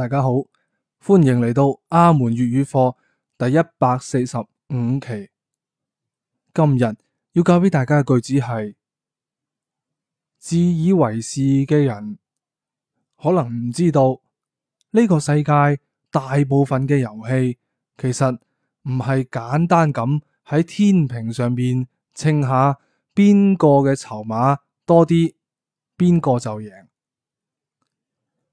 大家好，歡迎嚟到阿門粵語課第一百四十五期。今日要教俾大家嘅句子係：自以為是嘅人可能唔知道，呢個世界大部分嘅遊戲其實唔係簡單咁喺天平上面稱下邊個嘅籌碼多啲，邊個就贏，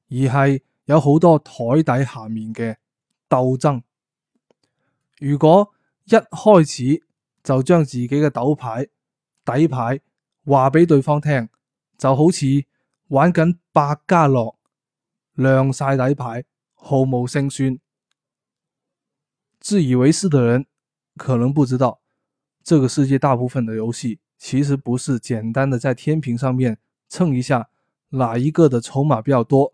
而係。有好多枱底下面嘅鬥爭。如果一開始就將自己嘅斗牌底牌話俾對方聽，就好似玩緊百家樂亮晒底牌，毫無勝算。自以為是的人可能不知道，這個世界大部分的遊戲其實不是簡單的在天平上面稱一下，哪一個的籌碼比較多。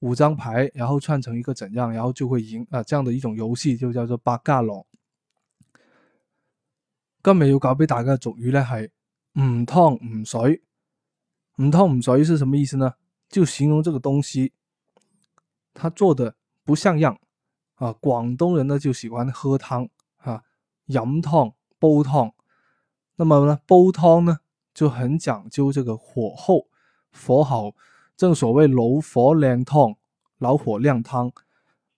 五張牌，然後串成一個怎樣，然後就會贏啊！這樣的一種遊戲就叫做百家樂。今日要教畀大家嘅俗語呢，是“唔、嗯、湯唔、嗯、水”，“唔、嗯、湯唔、嗯、水”是什麼意思呢？就形容這個東西，他做的不像樣啊！廣東人呢就喜歡喝湯啊，飲湯煲湯。那麼呢，煲湯呢就很講究這個火候，火候正所謂老火靚湯，老火靚湯，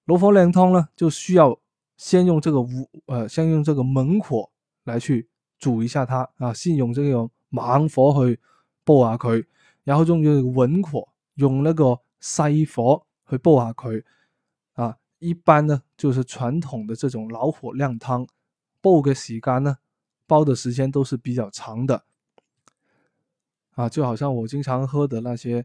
老火靚湯呢，就需要先用這個烏呃，先用這個猛火來去煮一下它啊，先用這個猛火去煲下、啊、佢，然後用用文火，用那個細火去煲下、啊、佢啊。一般呢，就是傳統的這種老火靚湯，煲嘅時間呢，煲的時間都是比較長的啊，就好像我經常喝的那些。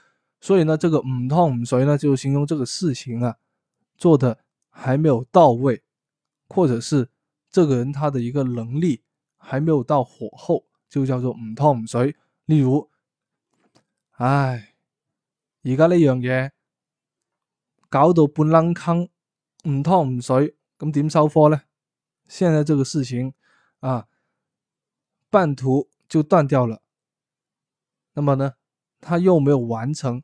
所以呢，這個唔湯唔水呢，就形容這個事情啊，做得還沒有到位，或者是這個人他的一個能力還沒有到火候，就叫做唔湯唔水。例如，唉，而家呢樣嘢搞到半愣坑，唔湯唔水，咁點收科呢？現在這個事情啊，半途就斷掉了。那麼呢，他又沒有完成。